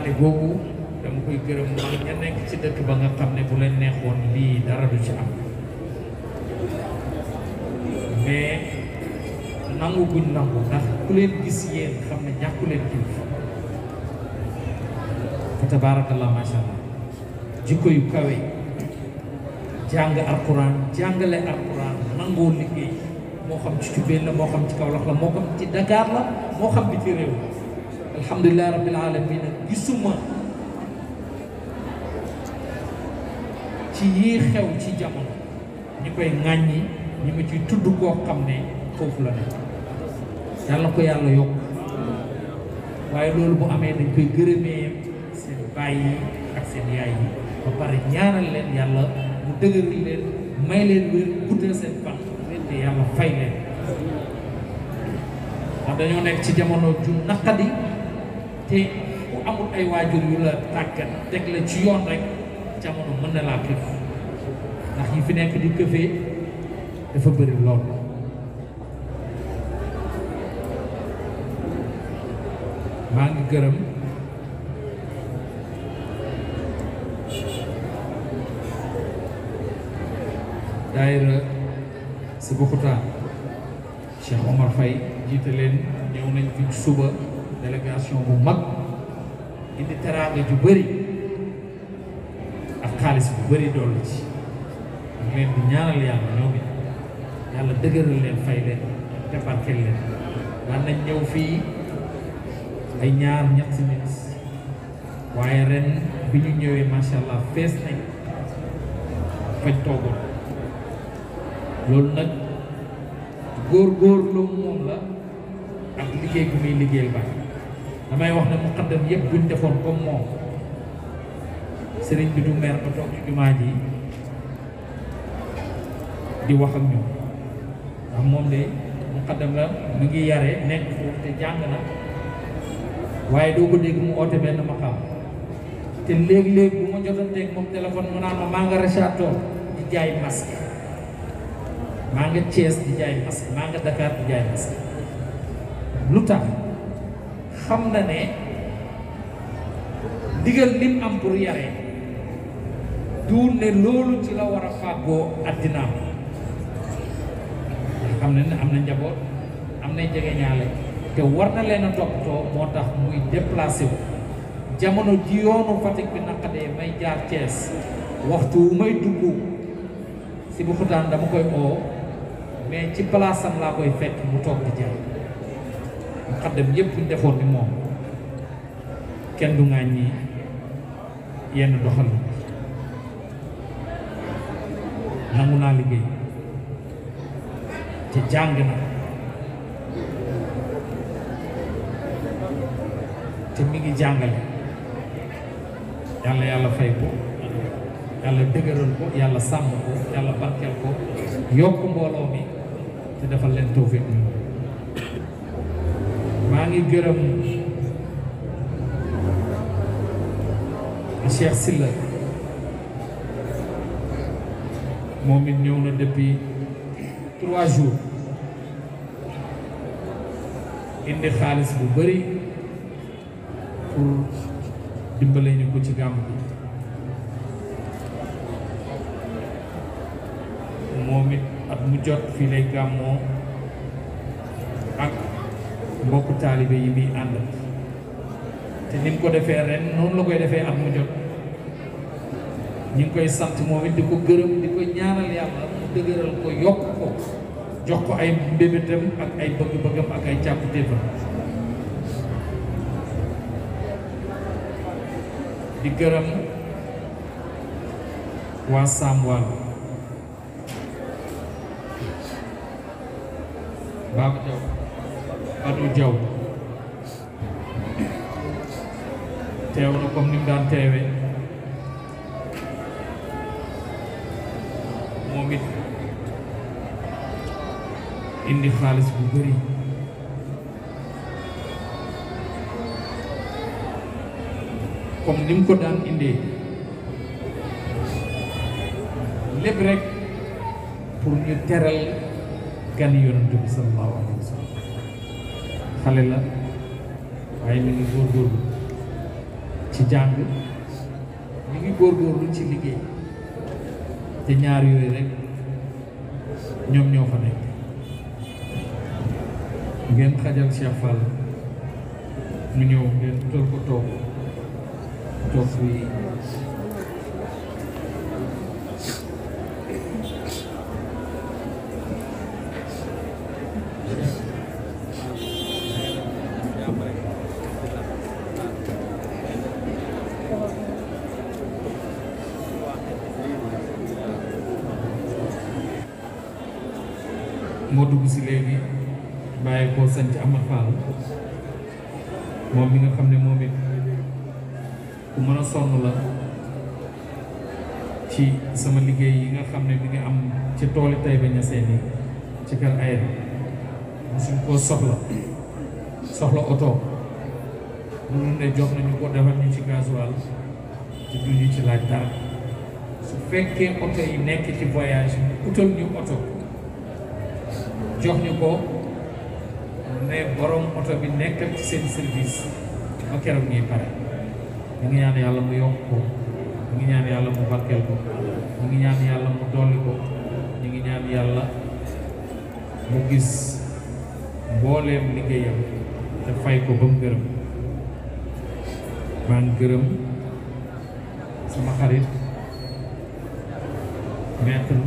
A: ne googu dama koy gërëm mag ña nekk ci dëkk ba nga xam ne bu leen neexoon li dara du ci am mais nangu guñ nangu ndax ku leen gis yéen xam ne ñàkku leen kilifa ya fa tabarakallah macha allah jikko yu kawe jàng alquran jàngale alquran nangoo liggéey moo xam ci Jurbel la moo xam ci Kaolack la moo xam ci Dakar la moo xam bi ci réew alhamdulilah rabbil alamina gisuma ci yii xew ci jamono ñi koy ŋàññi ñi ma ciy tudd koo xam ne foofu la nekk yàlla ko yàlla yokk waaye loolu bu amee dañ koy gërëmee seen bàyyi ak seen yaay yi ba pare ñaanal leen yàlla mu dëgër leen may leen wér guddal seen fan leen te yàlla fay leen ndax dañoo nekk ci jamono ju naqadi te ku amul ay waajur yu la tàggat teg la ci yoon rek jamono mën na laa këf ndax yi fi nekk di këfee dafa bëri lool maa ngi gërëm daayira Sébikotane Cheikh Omar Faye jiite leen ñëw nañ fi suba délégation bu mag indi teraanga ju bëri ak xaalis bu bëri dollu ci ñu leen di ñaanal yàlla ñoom it yàlla dëgëral leen fay leen te barkeel leen daan nañ ñëw fi ay ñaar ñetti nit waaye ren bi ñu ñëwee macha allah fees nañ fañ toogoon loolu nag góor góor lu la ak liggéey bu muy liggéeyal baax damay wax ne muqaddam yëpp buñ defoon comme moom sëriñ bi du meer ba toog ci jumaa ji di wax ak ñoom ndax moom de muqaddam la mu ngi yare nekk foofu te jàng na waaye doo ko dégg mu oote benn maqaam te léeg-léeg bu ma jotanteeg moom téléphone mu naan ma maa nga rachatoo di jaay masque maa nga Thiès di jaay masque maa nga Dakar di jaay masque lu tax xam na ne ndigal lim am pour yare du ne loolu ci la war a fàggoo addinaam xam ne am na njaboot am na jege ñaale te war na muy déplacé jamono ji yoonu nakade, bi may jaar waktu waxtu may dugg si bu xutaan dama koy oo mais ci palaasam laa koy fekk mu toog di muqaddam yëpp buñ defoon ni moom kenn du ŋaañ ñi yenn doxal nangu naa liggéey te jàng na te mi ngi jàngale yàlla yàlla fay ko yàlla dëgëral ko yàlla sàmm ko yàlla barkeel ko yokk mbooloo mi te defal leen tawfiq maa ngi gërëm Cheikh Silla moom it ñëw na depuis trois jours indi xaalis bu bëri pour dimbale ñu ko ci gàmm bi moom it at mu jot fii lay gàmmoo mbokku taalibe yi muy ànd te ni mu ko defee ren noonu la koy defee am mu jot ñu ngi koy sant moom it di ko gërëm di ko ñaanal yàlla mu dëgëral ko yokk ko jox ko ay mbébétam ak ay bëgg-bëggam ak ay càpputéefam di gërëm waa Sàmm Waalo Baba Jaw Oumy Diaw teew na comme ni mu daan teewe moom it indi xaalis bu bëri comme ni mu ko daan indee lépp rek pour ñu teral gan yonent bi sallallahu alayhi wa xale la waaye mi ngi góorgóorlu ci jàng mi ngi góorgóorlu ci liggéey te ñaar yooyu rek ñoom ñoo fa nekk ngeen xajal Cheikh Fall mu ñëw ngeen toog ko toog toog dem ci Amar Fall moom mi nga xam ne moom it ku mën a sonn la ci sama liggéey yi nga xam ne mi ngi am ci tooli Taïba Niassène yi ci kër ayet suñ koo soxla soxla oto mënul ne jox nañu ko defal ñu ci gasoil te duñu ci laaj dara su fekkee oto yi nekk ci voyage utal ñu oto jox ñu ko ne borom oto bi nekkal ci seen service ba keroog ñuy pare ngi ñaan yàlla mu yokk ko ñu ngi ñaan yàlla mu barkeel ko ñu ngi ñaan yàlla mu dolli ko ñu ngi ñaan yàlla mu gis mbooleem liggéeyam te fay ko ba mu gërëm maa ngi gërëm sama xarit maître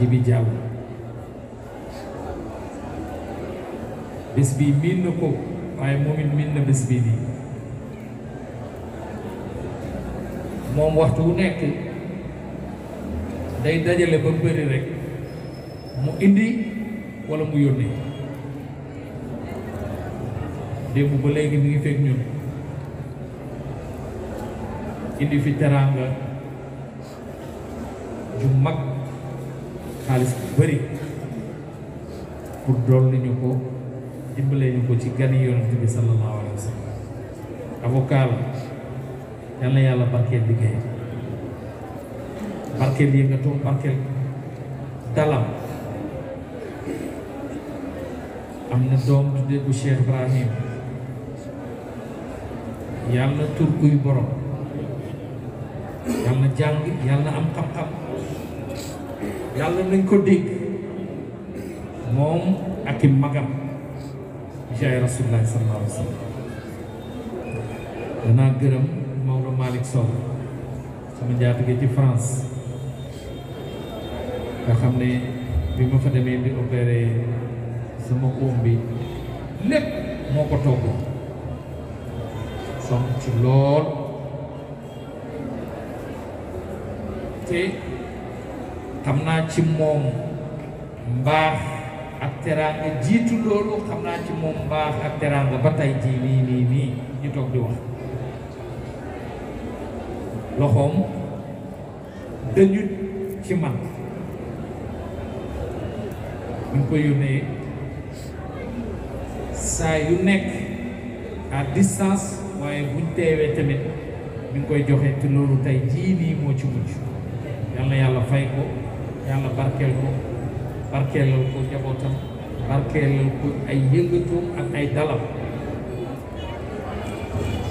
A: Djibi Diallo Bisbi bi kok, na ko waaye bisbi it miin na bés bii nii moom waxtu wu nekk day dajale ba bëri rek mu indi wala mu yoni démb ba léegi ni ngi fekk ñun indi fi teraanga ju mag xaalis bu bëri pour dimbalee ñu ko ci gan yi yonent bi sallallahu alayhi wa sallam avocat la yal na yàlla barkeel liggéey barkeel yëngatoom barkeel dalam am na doom tuddee bu Cheikh Ibrahim yal na tur kuy borom yal na jàng yal na am xam-xam yal nañ ko dégg moom ak magam jaay rasulilah sallallahu alayhi wa sallam danaa gërëm Maodo Malick Sow sama njaatige ci France nga xam ne bi ma fa demee di opéré sama oom lépp moo ko togg som ci lool te xam naa ci moom mbaax teraanga jiitu loolu xam naa ci moom baax ak teraanga ba tey jii nii nii nii ñu toog di wax loxoom dañu ci man ñu ko yónnee saa yu nekk à distance waaye buñ teewee tamit mi koy joxe te loolu tey jii nii moo ci mujj yal yàlla fay ko yàlla barkeel ko barkeelal ko njabootam barkeel bu ay yëngatu ak ay dalam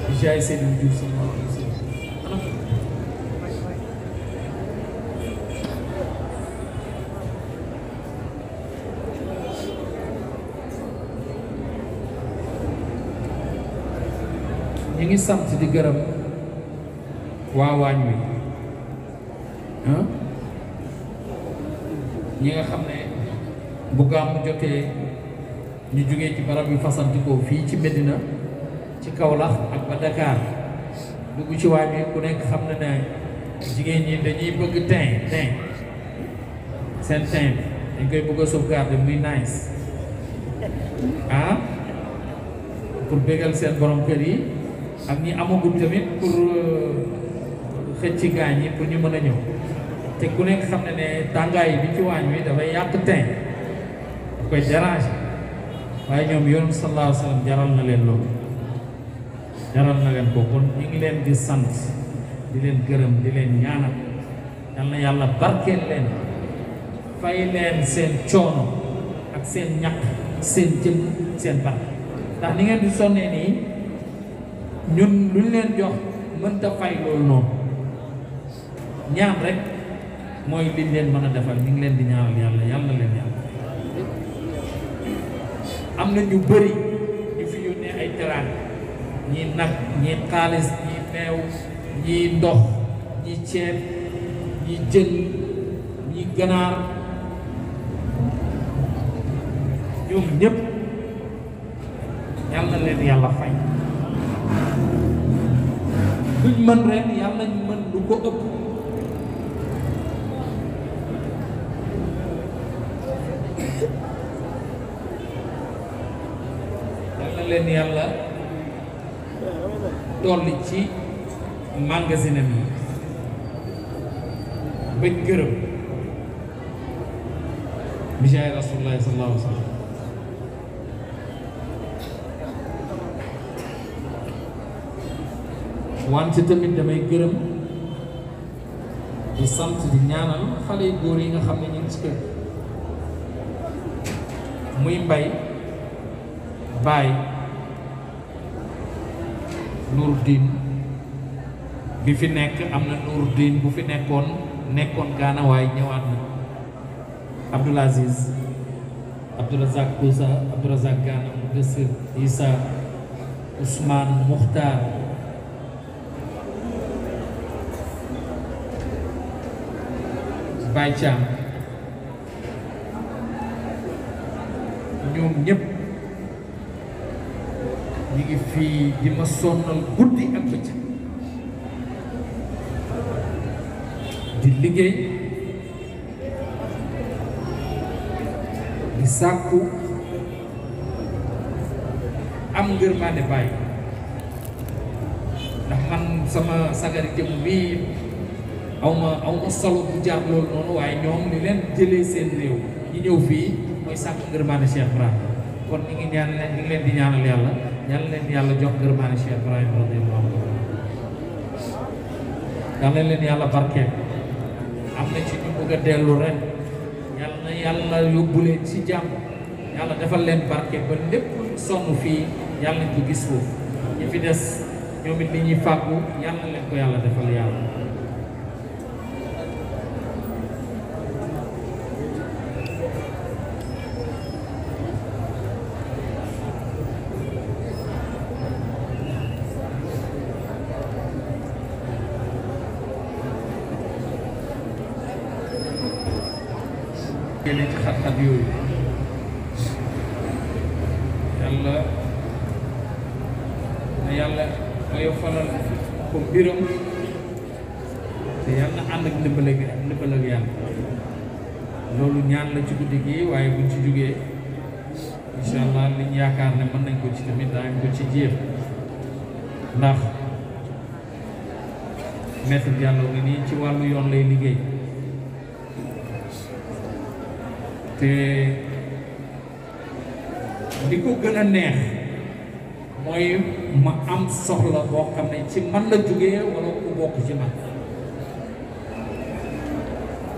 A: di jaay seen i jur ngi sant di gërëm wi ñi nga bu gàmmu jotee ñu jógee ci barab yu fasantikoo fi ci Medina ci Kaolack ak ba Dakar dugg ci waay bi ku nekk xam na ne jigéen ñi dañuy bëgg teint teint seen teint dañ koy bëgg a muy nice ah pour bégal seen borom kër yi ak ñi amagul tamit pour euh, xëcc gaañ yi pour ñu mën a ñëw te ku nekk xam na ne tàngaay bi ci dafay teint koy déranger waaye ñoom yoonu sallallahu wa sallam jaral na leen loolu jaral na leen ko ñu ngi leen di sant di leen gërëm di leen ñaanal yal na yàlla barkeel leen fay leen seen coono ak seen ñàkk seen jëm seen barke ndax ni ngeen di sonnee nii ñun luñ leen jox mënta fay loolu noonu ñaan rek mooy liñ leen mën a defal ñu ngi leen di ñaanal yàlla yàlla leen yàlla am na ñu bari ñu fi yónnee ay teraan ñii nag ñii xaalis ñii meew ñii ndox ñii ceeb ñii jën ñii ganaar ñoom ñëpp yàlla leen yàlla fay luñ mën ren yàlla ñu mën lu ko ëpp leen yàlla dolli ci magasinam yi bañ gërëm bi jaay rasulullahi sallallahu alayhi wa tamit damay gërëm di sant bi ñaanal xale yu góor yi nga xam ne ñu ngi muy mbay baay Nurdin bi fi nekk am na Nurdin bu fi nekkoon nekkoon na Aziz Abdul Razak Abdourazak Abdul Razak Gana Issa Isa Usman Baye Thiam ñoom ñëpp ñi ngi fii di ma sonnal guddi ak bëccëg di liggéey di sàkku am ngir maa de bàyyi ndax man sama sagari jëm bii aw ma aw ma solo bu jaar loolu noonu waaye ñoom li leen jëlee seen réew ñi ñëw fii mooy sàkku ngir maa de Cheikh kon ñi ngi len ñi ngi di ñaanal yàlla yal leen yàlla jox ngërmaane Cheikh Ibrahima radiyallahu anhu yal na leen yàlla barkeel am na ci ñu bëgg a dellu ren yalla na yàlla yóbbu leen ci jàmm yàlla defal leen barke ba lépp lu sonn gis fi des ñoom it li ñuy fàggu yal na leen ko yàlla defal yalla yooyu yàlla yàlla koy falal ko mbiram te yàlla ànd ak ndëmbal ak ndëmbal yàlla loolu ñaan la ci guddi gi waaye buñ ci jógee incha allah liñ yaakaar ne mën nañ ko ci tamit daañ ko ci jéem ndax maître Diallo ngi nii ci wàllu yoon lay liggéey te li ko gën a neex mooy ma am soxla boo xam ne ci man la jógee wala ku bokk ci man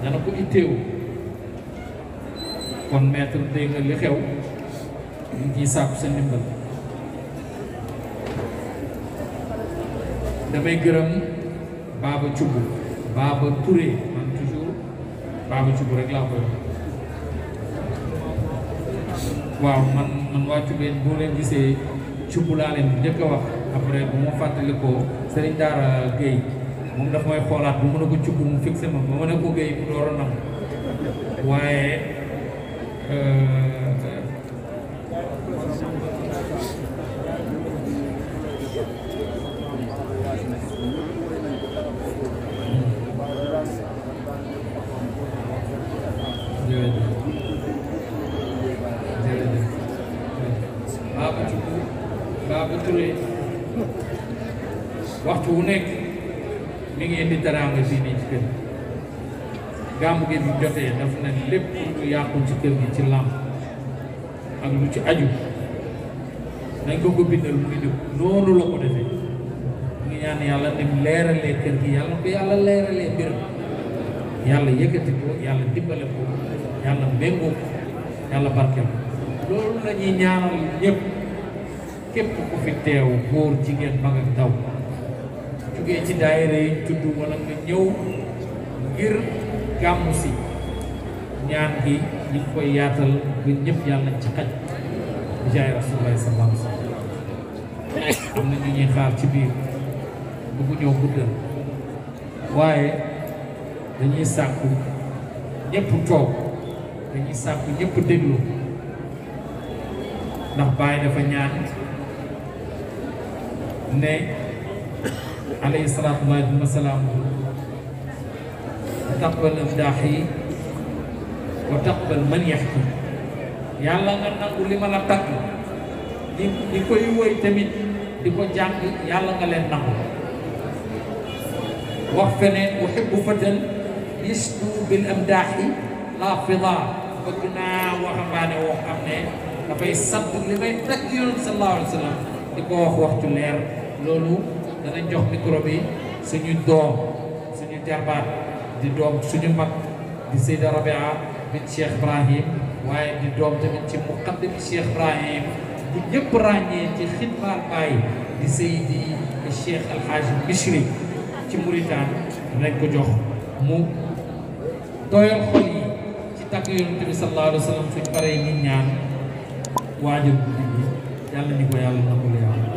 A: dana ko itteewu kon maître dégg nga li xew ñu ngi sàkku sa ndimbal damay gërëm Baba Thioub Baba Touré man toujours Baba Thioub rek laa koy waaw man man waa Cubeen boo leen gisee cubb laa leen njëkk a wax après bu ma fàttali ko Serigne Daara Guèye moom daf may xoolaat bu mën a ko cubb mu fixé ma ba mën a ko Guèye mu door a nam waaye euh, bu nekk mi ngi indi teraanga fii nii ci kër gàmmu gi bi jotee daf na lépp lu yàqu ci kër gi ci làmp ak lu ci aju nañ ko ko bindal muy dëkk noonu la ko defee mu ngi ñaan yàlla nim leeralee kër gi yàlla ko yàlla leeralee mbiram yàlla yëkkati ko yàlla dimbale ko yàlla méngoo ko yàlla barkeel loolu la ñuy ñaanal ñëpp képp ku fi teew góor jigéen mag ak ndaw jugee ci daayira yi tudd wala nga ñëw ngir gàmmu si ñaan gi ñu koy yaatal ba ñëpp yàlla nañ ci xaj bi jaay rasulullah sallallahu alayhi na ñu ñuy xaar ci biir bu ku ñëw guddal waaye dañuy sàkku ñëpp toog dañuy sàkku ñëpp déglu ndax bàyyi dafa ñaan ne عليه الصلاة والسلام taqbal amdaahi wa taqbal man yahki yàlla ya nga nangu di di koy woy tamit di ko jàng yàlla ya nga leen nangu wax feneen uhibbu fatan yasdu bil amdaahi laa fidaa li may sallallahu di wax waxtu leer danañ jox micro bi suñu doom suñu jarbaat di doom suñu mag di Seyda Rabia bin Cheikh Ibrahim waaye di doom tamit ci di Cheikh Ibrahim bu ñëpp ràññee ci xidmaal di Seydi Cheikh Alhaji Bichri ci Mauritanie danañ ko jox mu doyal xol yi ci tàgg yonente bi sallallahu alayhi wa sallam suñ paree ñu ñaan waajur bu nit ñi yàlla ko